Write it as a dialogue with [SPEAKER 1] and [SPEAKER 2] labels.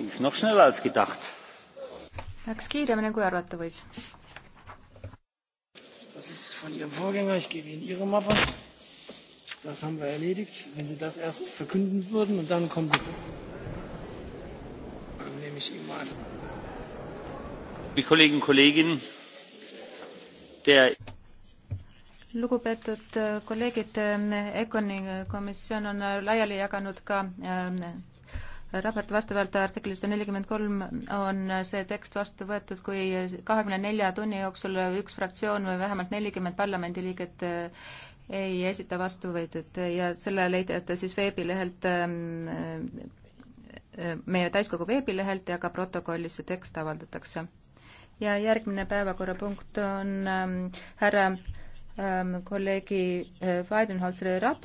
[SPEAKER 1] Läks
[SPEAKER 2] kiiremini, kui arvata võis.
[SPEAKER 1] Das ist von
[SPEAKER 3] Ihrem Vorgänger. Ich gebe Ihnen Ihre Mappe. Das haben wir erledigt. Wenn Sie das erst verkünden würden und dann kommen Sie.
[SPEAKER 4] Dann nehme ich Ihnen mal an.
[SPEAKER 5] Die Kollegen und Kolleginnen, der
[SPEAKER 6] lugupeetud kolleegid, EKONi komisjon on laiali jaganud ka äh, raport vastavalt artiklile sada nelikümmend kolm on see tekst vastu võetud, kui kahekümne nelja tunni jooksul üks fraktsioon või vähemalt nelikümmend parlamendiliiget eh, ei esita vastuvõetud ja selle leidjate siis veebilehelt, eh, eh, meie täiskogu veebilehelt ja ka protokollis see tekst avaldatakse. ja järgmine päevakorrapunkt on härra kolleegi Weidenholzeri raport,